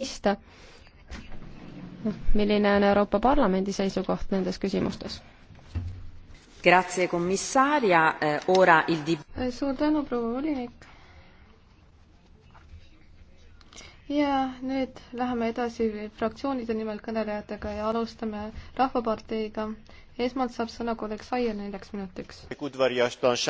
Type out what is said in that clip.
mõista, milline on Euroopa Parlamendi seisukoht nendes küsimustes. Eh, eh, suur tänu, proua volinik. ja nüüd läheme edasi fraktsioonide nimel kõnelejatega ja alustame Rahvaparteiga. esmalt saab sõna kolleeg Saia neljaks minutiks.